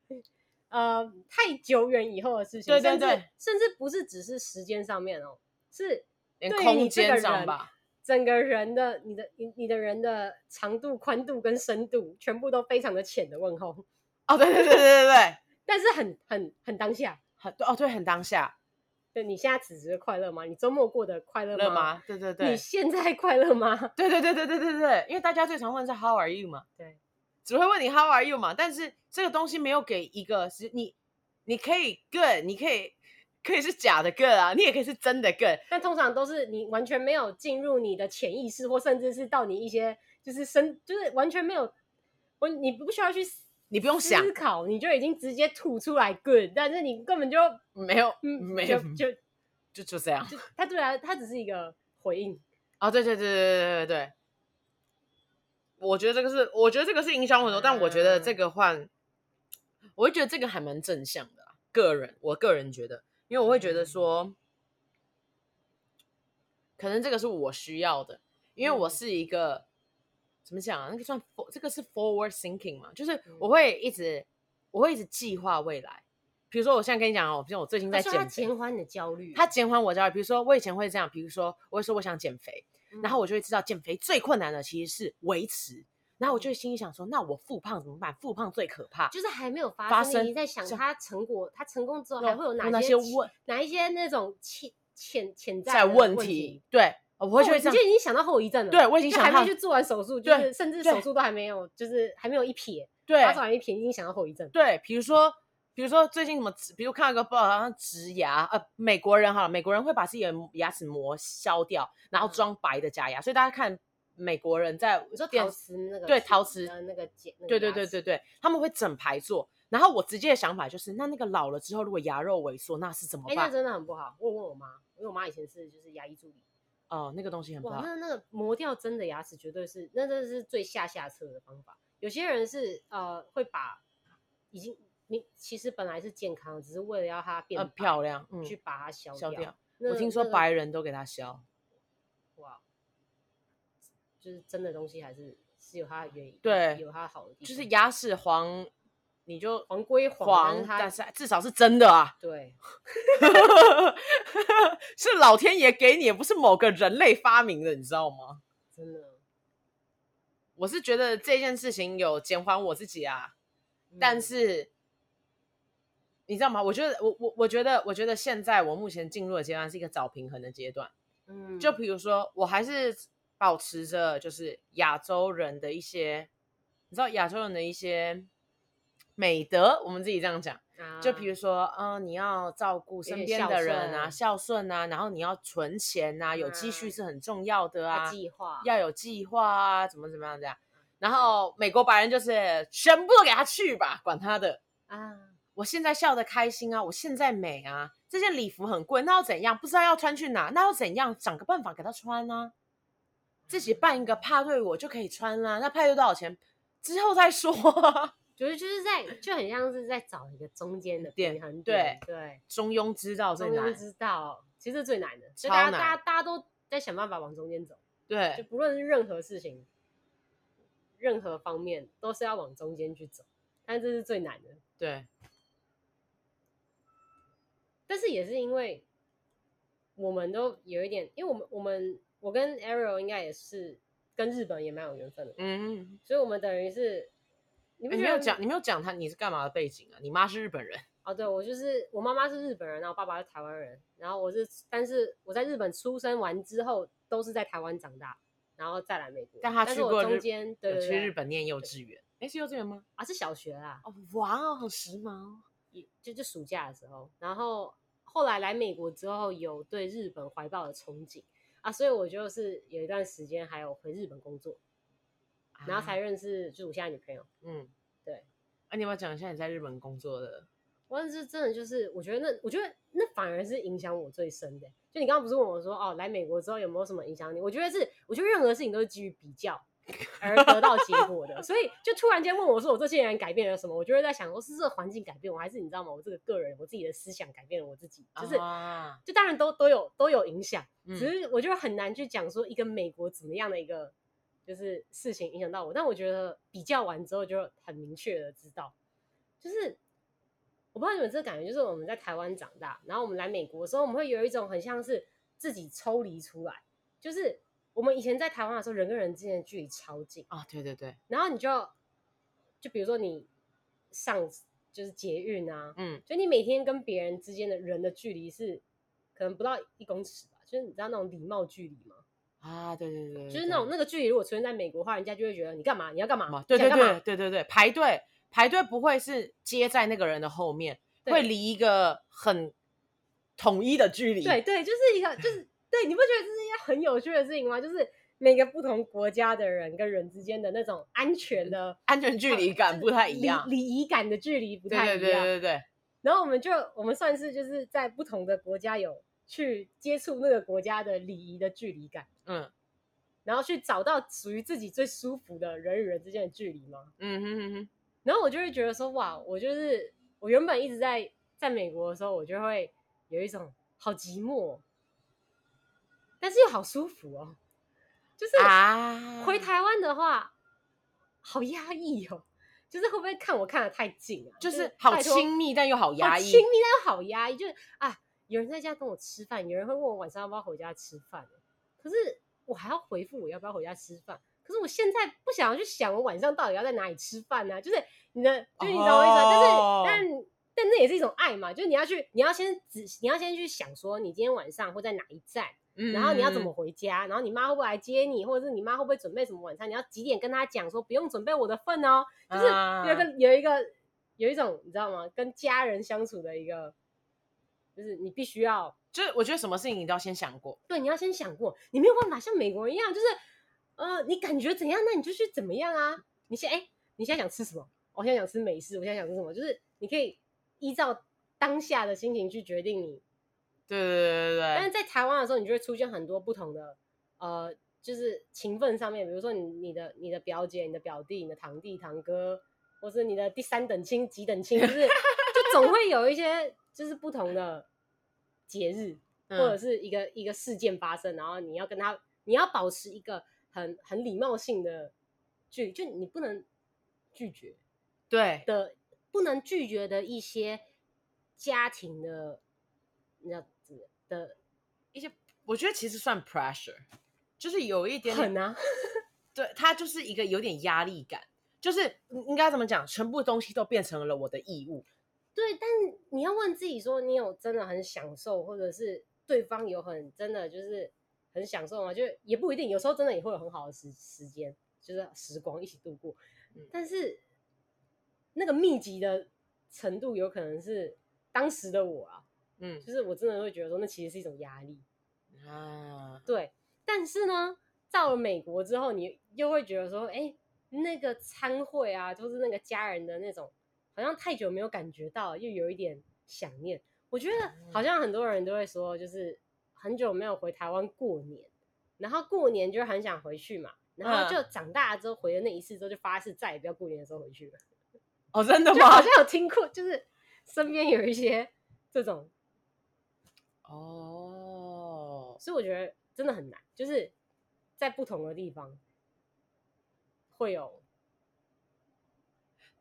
呃，太久遠以後的事情，對對對，甚至甚至不是只是時間上面哦，是對你個人，連空間上吧？整個人的你的你你的人的長度、寬度跟深度，全部都非常的淺的問候哦，對對對對對對，但是很很很當下，很，對，哦，對，很當下。對，你現在只是快樂嗎？你周末過得快樂嗎？樂嗎？對對對，你現在快樂嗎？對對對對對對對，因為大家最常問是 How are you 嗎？對，只會問你 How are you 嗎？但是這個東西沒有給一個，是你，你可以 good，你可以可以是假的 good 啊，你也可以是真的 good，但通常都是你完全沒有進入你的潛意識，或甚至是到你一些就是生，就是完全沒有，我你不需要去你不用想，思考你就已經直接吐出來 good，但是你根本就沒有，沒有，就就就，就這樣。他對、啊、他只是一個回應啊，對、哦、對對對對對對。我覺得這個是，我覺得這個是影響很多，但我覺得這個話，呃、我會覺得這個還蠻正向的。個人，我個人覺得，因為我會覺得說，嗯、可能這個是我需要的，因為我是一個。怎麼講啊？那個算 for, 這個是 forward thinking 嘛，就是我會一直、嗯、我會一直計劃未來。比如說我現在跟你講啊、喔，比如我最近在減，減緩、啊、你的焦慮，他減緩我的焦慮。比如說我以前會這樣，比如說我會說我想減肥，嗯、然後我就會知道減肥最困難的其實是維持，嗯、然後我就會心裡想說，那我復胖怎麼辦？復胖最可怕，就是還沒有發生。發生，你在想他成果，像，他成功之後還會有哪些，些問哪一些那種潛潛潛在問題？對。我會覺得這樣，你就已經想到後遺症了。對，我已經想還沒去做完手術，就是甚至手術都還沒有，就是還沒有一撇，對，拔出來一撇已經想到後遺症。對，比如說，比如說最近什麼，比如看了個報導，好像植牙，呃，美國人哈，美國人會把自己的牙齒磨削掉，然後裝白的假牙。所以大家看美國人，在你說陶瓷那個對陶瓷那個假，對對對對對，他們會整排做。然後我直接的想法就是，那那個老了之後，如果牙肉萎縮，那是怎麼辦？哎，那真的很不好。我問我媽，因為我媽以前是就是牙醫助理。哦，那個東西很棒。那個、那個磨掉真的牙齒，絕對是那這個、是最下下策的方法。有些人是呃，會把已經你其實本來是健康只是為了要它變、呃、漂亮，嗯、去把它削掉。掉那個、我聽說白人都給它削、那個那個。哇，就是真的東西還是是有它的原因，對，有它好的，就是牙齒黃。你就黃歸黃，黃但，是但是至少是真的啊。對， 是老天爺給你，不是某個人類發明的，你知道嗎？真的，我是覺得這件事情有減緩我自己啊。嗯、但是你知道嗎？我覺得我我我覺得我覺得現在我目前進入的階段是一個找平衡的階段。嗯，就比如說，我還是保持着就是亞洲人的一些，你知道亞洲人的一些。美德，我們自己這樣講，就比如說，嗯，你要照顧身邊的人啊，孝順啊，然後你要存錢吶，有積蓄是很重要的啊，計劃要有計劃啊，怎麼怎麼樣的。然後美國白人就是全部都給他去吧，管他的啊！我現在笑得開心啊，我現在美啊，這件禮服很貴，那要怎樣？不知道要穿去哪，那又怎樣？想個辦法給他穿啊，自己辦一個派對，我就可以穿啦。那派對多少錢？之後再說。就是就是在就很像是在找一個中間的平衡點，很對對，對對，中庸之道，中庸之道其實最難的，難，所以大家大家大家都在想辦法往中間走。對，就不論是任何事情、任何方面，都是要往中間去走，但這是最難的。對，但是也是因為我們都有一點，因為我們我們我跟 Ari 應該也是跟日本也蠻有緣分的，嗯，所以我們等於是。你沒有講，你沒有講他你是幹嘛的背景啊？你媽是日本人哦？對，我就是我媽媽是日本人，然後爸爸是台灣人，然後我是，但是我在日本出生完之後都是在台灣長大，然後再來美國。但他去過，但是我中間日對，對，對，去日本念幼稚園。誒，是幼稚園嗎？啊，是小學啦。哦，哇哦，好時髦哦！就就暑假的時候，然後後來來美國之後，有對日本懷抱的憧憬啊，所以我就是有一段時間還有回日本工作。然後才認識，就是我現在女朋友。嗯，對。啊，你有沒有講一下你在日本工作的？我是真的就是，我覺得那我覺得那反而是影響我最深的、欸。就你剛剛不是問我說，哦，來美國之後有沒有什麼影響你？我覺得是，我覺得任何事情都是基於比較而得到結果的。 所以就突然間問我說，我這些年改變了什麼？我就會在想，說，是這個環境改變，我還是你知道嗎？我這個個人，我自己的思想改變了我自己，就是、哦哦哦、就當然都都有都有影響。嗯、只是我覺得很難去講說一個美國怎麼樣的一個。就是事情影響到我，但我覺得比較完之後就很明確的知道，就是我不知道你們這個感覺，就是我們在台灣長大，然後我們來美國的時候，我們會有一種很像是自己抽離出來，就是我們以前在台灣的時候，人跟人之間的距離超近啊、哦，對對對，然後你就就比如說你上就是捷運啊，嗯，就你每天跟別人之間的人的距離是可能不到一公尺吧，就是你知道那種禮貌距離嗎？啊，對對對，就是那種那個距離，如果出現在美國的話，人家就會覺得你幹嘛？你要幹嘛？對對對對對對，排隊排隊不會是接在那個人的後面，會離一個很統一的距離。對對，就是一個就是對，你不覺得這是一件很有趣的事情嗎？就是每個不同國家的人跟人之間的那種安全的安全距離感不太一樣，禮儀感的距離不太一樣。對對對對對。然後我們就我們算是就是在不同的國家有。去接觸那個國家的禮儀的距離感，嗯，然後去找到屬於自己最舒服的人與人之間的距離嘛。嗯哼哼哼。然後我就會覺得說，哇，我就是我原本一直在在美國的時候，我就會有一種好寂寞哦，但是又好舒服哦。就是啊，回台灣的話，啊，好壓抑哦。就是會不會看我看得太緊啊？就是，就是好親密，但又好壓抑，親密但又好壓抑，就是啊。有人在家跟我吃飯，有人會問我晚上要不要回家吃飯，可是我還要回復我要不要回家吃飯。可是我現在不想要去想我晚上到底要在哪裡吃飯呢，啊？就是你的，就你懂我意思，oh. 但，但是但但那也是一種愛嘛。就是你要去，你要先只，你要先去想說你今天晚上會在哪一站，mm hmm. 然後你要怎麼回家，然後你媽會不會來接你，或者是你媽會不會準備什麼晚餐？你要幾點跟她講說不用準備我的份哦？就是有個，uh. 有一個有一種你知道嗎？跟家人相處的一個。就是你必須要，就是我覺得什麼事情你都要先想過。對，你要先想過，你沒有辦法像美國人一樣，就是，呃，你感覺怎樣，那你就去怎麼樣啊？你先哎，你現在想吃什麼？我現在想吃美食，我現在想吃什麼？就是你可以依照當下的心情去決定你。對對對對對。但是在台灣的時候，你就會出現很多不同的，呃，就是情分上面，比如說你你的你的表姐、你的表弟、你的堂弟堂哥，或是你的第三等親、幾等親，就是。總會有一些就是不同的節日，嗯、或者是一個一個事件發生，然後你要跟他，你要保持一個很很禮貌性的，就就你不能拒絕，對的，對不能拒絕的一些家庭的那樣子的，一些我覺得其實算 pressure，就是有一點很難、啊， 對他就是一個有點壓力感，就是應該怎麼講，全部東西都變成了我的義務。對，但你要問自己說，你有真的很享受，或者是對方有很真的就是很享受嗎？就也不一定，有時候真的也會有很好的時時間，就是時光一起度過。嗯，但是那個密集的程度，有可能是當時的我啊，嗯，就是我真的會覺得說，那其實是一種壓力啊。對，但是呢，到了美國之後，你又會覺得說，哎，那個餐會啊，就是那個家人的那種。好像太久沒有感覺到，又有一點想念。我覺得好像很多人都會說，就是很久沒有回台灣過年，然後過年就很想回去嘛。嗯、然後就長大了之後回了那一次之後，就發誓再也不要過年的時候回去了。哦，真的嗎？好像有聽過，就是身邊有一些這種。哦，所以我覺得真的很難，就是在不同的地方會有。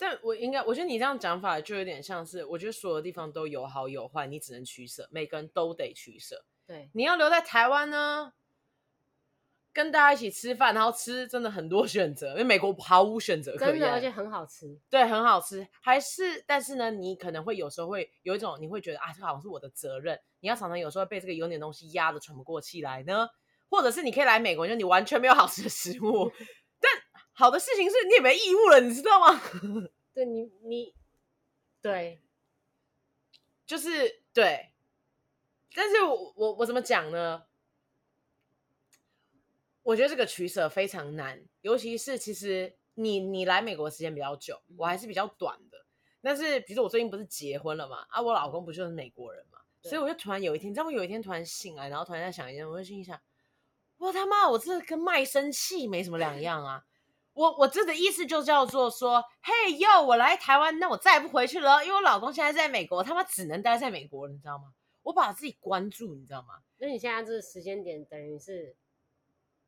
但我應該，我覺得你這樣講法就有點像是，我覺得所有的地方都有好有壞，你只能取捨，每個人都得取捨。對，你要留在台灣呢，跟大家一起吃飯，然後吃真的很多選擇，因為美國毫無選擇可言，真的，而且很好吃。對，很好吃，還是但是呢，你可能會有時候會有一種你會覺得啊，這好像是我的責任，你要常常有時候被這個有點東西壓得喘不過氣來呢，或者是你可以來美國，就你完全沒有好吃的食物。 好的事情是你也沒義務了，你知道嗎？ 對，你你對，就是對，但是我我怎麼講呢？我覺得這個取舍非常難，尤其是其實你你來美國的時間比較久，我還是比較短的。但是比如說我最近不是結婚了嘛，啊，我老公不就是美國人嘛，對所以我就突然有一天，你知道嗎？有一天突然醒來，然後突然在想一件，我就心想：我他媽，我這跟賣身契沒什麼兩樣啊！我我這的意思就叫做說，嘿喲，我來台灣，那我再也不回去了，因為我老公現在在美國，他媽只能待在美國，你知道嗎？我把自己關住，你知道嗎？那你現在這個時間點等於是，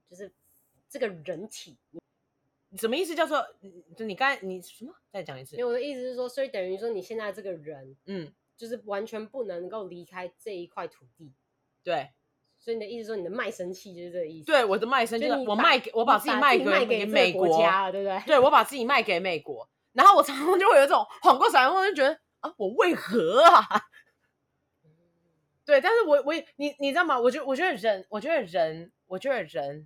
就是這個人體，你什麼意思？叫做，就你剛才你什麼？再講一次。因為我的意思是說，所以等於說你現在這個人，嗯，就是完全不能夠離開這一塊土地，對。所以你的意思說你的賣身契就是這個意思？對，我的賣身契就是我賣給我把自己賣給賣給這個國家，給美國了，對不對？對， 我把自己賣給美國，然後我常常就會有一種緩過神，我就覺得啊，我為何啊？嗯、對，但是我我你你知道嗎？我覺得我覺得人，我覺得人，我覺得人，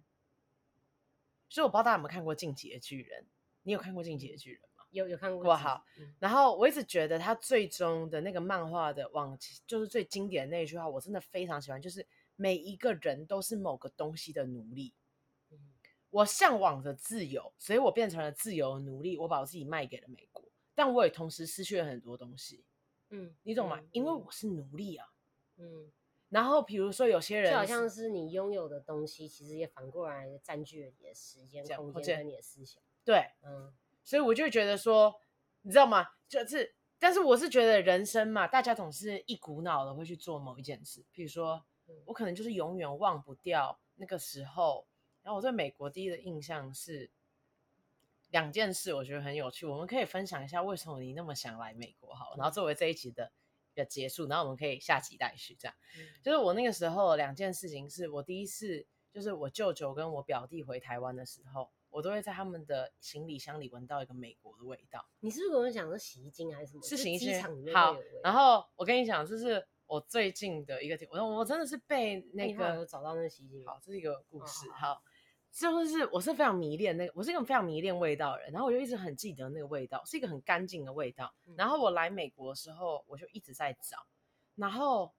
所以我不知道大家有沒有看過《進擊的巨人》，你有看過《進擊的巨人》嗎？嗯、有有看過好，然後我一直覺得他最終的那個漫畫的往就是最經典的那一句話，我真的非常喜歡，就是。每一個人都是某個東西的奴隸，嗯。我嚮往着自由，所以我變成了自由的奴隸。我把我自己賣給了美國，但我也同時失去了很多東西。嗯，你懂嗎？嗯嗯、因為我是奴隸啊。嗯。然後，比如說有些人，就好像是你擁有的東西，其實也反過來佔據了你的時間、空間和你的思想。嗯、對，嗯。所以我就覺得說，你知道嗎？就是，但是我是覺得人生嘛，大家總是一股腦的會去做某一件事，比如說。我可能就是永遠忘不掉那個時候，然後我對美國第一的印象是兩件事，我覺得很有趣，我們可以分享一下為什麼你那麼想來美國，好，然後作為這一集的一個結束，然後我們可以下集待續這樣。嗯，就是我那個時候兩件事情是，我第一次就是我舅舅跟我表弟回台灣的時候，我都會在他們的行李箱裡聞到一個美國的味道。你是不是跟我講是洗衣精還是什麼？是洗衣精。好，然後我跟你講就是。我最近的一個，我我真的是被那個、哎、找到那個洗衣精，好，這是一個故事，哦、好，好，就是我是非常迷戀那個，我是一個非常迷戀味道的人，然後我就一直很記得那個味道，是一個很乾淨的味道，嗯、然後我來美國的時候我就一直在找，然後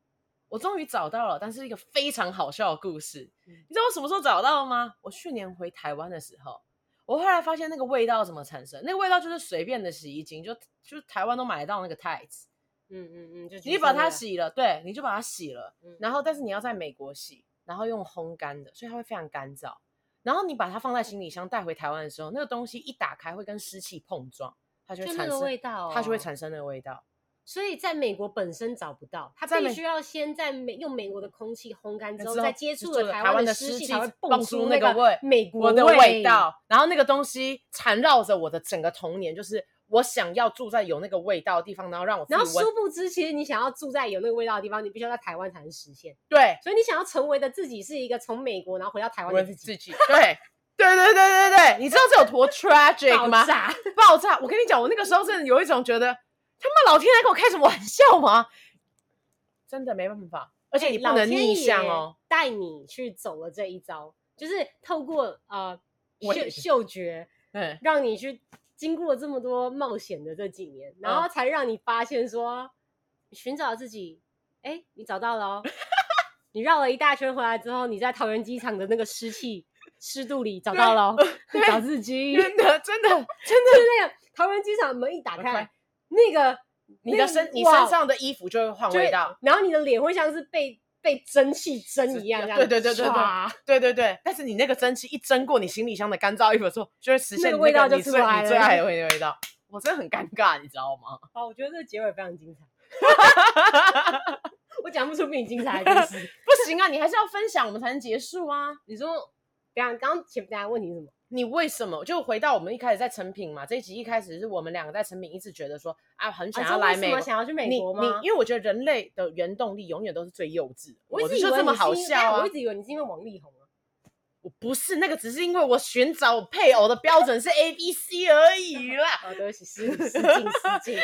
我終於找到了，但是一個非常好笑的故事，嗯、你知道我什麼時候找到嗎？我去年回台灣的時候，我後來發現那個味道怎麼產生，那個味道就是隨便的洗衣精，就就台灣都買得到那個汰漬。嗯嗯嗯，就你就把它洗了，對，你就把它洗了，嗯、然後但是你要在美國洗，然後用烘乾的，所以它會非常乾燥。然後你把它放在行李箱帶回台灣的時候，那個東西一打開會跟濕氣碰撞，它就會產生那個味道、哦，它就會產生那個味道。所以在美國本身找不到，它必須要先在美用美國的空氣烘乾之後，之後再接觸了台灣的濕氣才會蹦出，出那個味，美國的味道。然後那個東西纏繞着我的整個童年，就是。我想要住在有那個味道的地方，然後讓我。然後殊不知，其實你想要住在有那個味道的地方，你必須要在台灣才能實現。對，所以你想要成為的自己是一個從美國然後回到台灣的自己，對， 對對對對對，你知道這有多 tragic 嗎？爆炸！爆炸！我跟你講，我那個時候真的有一種覺得，他們老天在跟我開什麼玩笑嗎？真的沒辦法，而且你不能逆向哦，帶、欸、你去走了這一招，就是透過呃嗅嗅覺，讓你去。經過了這麼多冒險的這幾年，然後才讓你發現說，Oh. 尋找自己，哎，你找到了、哦， 你繞了一大圈回來之後，你在桃園機場的那個濕氣濕度裡找到了、哦、 找自己， 真的真的 真的是那樣。桃園機場門一打開，Okay. 那個你的身哇你身上的衣服就會換味道，然後你的臉會像是被。被蒸汽蒸一樣，這樣，對對對對對，啪對對對，對對對。但是你那個蒸汽一蒸過你行李箱的乾燥衣服之後，就會實現那個你最你最愛的味道。對我真的很尷尬，你知道嗎？好，我覺得這個結尾非常精彩。 我講不出比你精彩的意思。 不行啊，你還是要分享，我們才能結束啊！ 你說，等下剛剛前大家問你什麼？你為什麼就回到我們一開始在成品嘛？這一集一開始是我們兩個在成品，一直覺得說啊，很想要來美國，啊，想要去美國嗎你你？因為我覺得人類的原動力永遠都是最幼稚。我，一直我就這麼好笑，啊、我一直以為你是因為王力宏啊，我不是那個，只是因為我尋找配偶的標準是 A B C 而已啦。啊、 哦，對不起，失敬，失敬。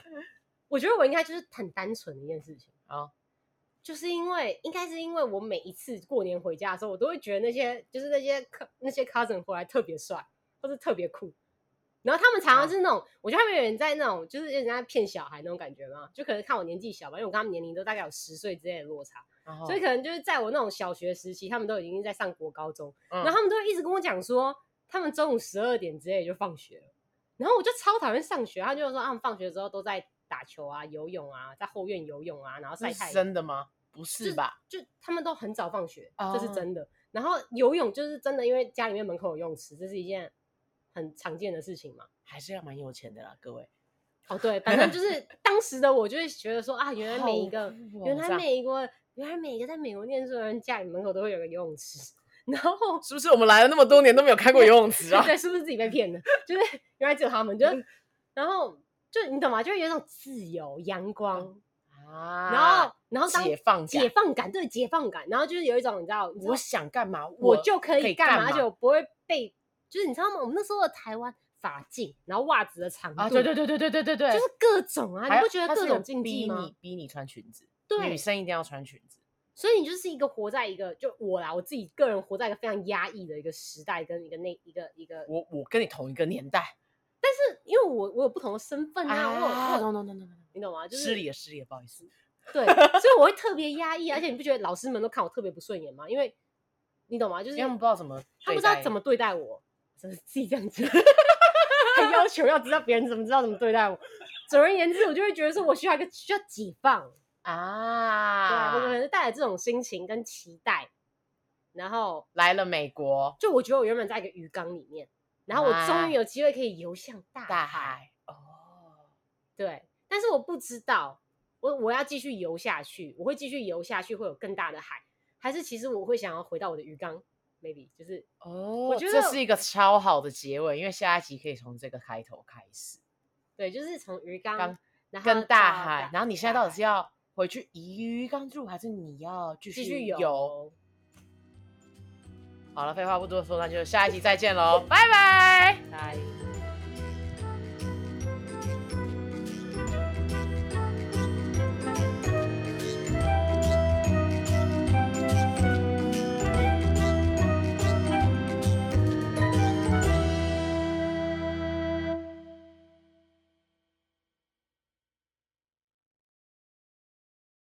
我覺得我應該就是很單純的一件事情。好，哦。就是因為應該是因為我每一次過年回家的時候，我都會覺得那些就是那些那些 cousin 回來特別帥，或是特別酷。然後他們常常是那種，啊、我覺得他們有人在那種，就是人家騙小孩那種感覺嘛。就可能看我年紀小吧，因為我跟他們年齡都大概有十歲之類的落差，啊、吼所以可能就是在我那種小學時期，他們都已經在上國高中。然後他們都會一直跟我講說，嗯、他們中午十二點之類就放學了。然後我就超討厭上學。他就說、啊，他們放學的時候都在打球啊、游泳啊，在後院游泳啊，然後曬太陽。真的嗎？不是吧？就，就他們都很早放學，oh. 這是真的。然後游泳就是真的，因為家裡面門口有游泳池，這是一件很常見的事情嘛，還是要蠻有錢的啦，各位。哦，對，反正就是當時的我就會覺得說 啊，原來每一個，原來每一個，原來每一個在美國念書的人家裡門口都會有個游泳池，然後是不是我們來了那麼多年都沒有開過游泳池啊？對，對，對，是不是自己被騙了？ 就是原來只有他們，就是、 然後就你懂嗎？就有一種自由，陽光。嗯啊，然後，然後當解放感，對解放感，然後就是有一種你知道，我想幹嘛，我就可以幹嘛，就不會被，就是你知道嗎？我們那時候的台灣髮禁，然後襪子的長度，對對對對對對對就是各種啊，你不覺得各種禁忌嗎？逼你逼你穿裙子，對，女生一定要穿裙子，所以你就是一個活在一個，就我啦，我自己個人活在一個非常壓抑的一個時代跟一個那一個一個，我我跟你同一個年代，但是因為我我有不同的身份啊，我有，no no no no。你懂嗎？就是、失禮了，失禮了，不好意思。對，所以我會特別壓抑， 而且你不覺得老師們都看我特別不順眼嗎？因為，你懂嗎？就是他們不知道什麼，他不知道怎麼對待我，怎麼自己這樣子，很 要求要知道別人怎麼知道怎麼對待我。 總而言之，我就會覺得說我需要一個需要解放啊！對，我可能帶來這種心情跟期待，然後來了美國，就我覺得我原本在一個魚缸裡面，然後我終於有機會可以游向大海。大海。哦，對。但是我不知道，我我要繼續游下去，我會繼續游下去，會有更大的海，還是其實我會想要回到我的魚缸？Maybe 就是哦，我覺得這是一個超好的結尾，因為下一集可以從這個開頭開始。對，就是從魚缸，剛然後跟大海，然後你現在到底是要回去魚缸住，還是你要繼續繼續游？好了，廢話不多說，那就下一集再見嘍， 拜拜，拜。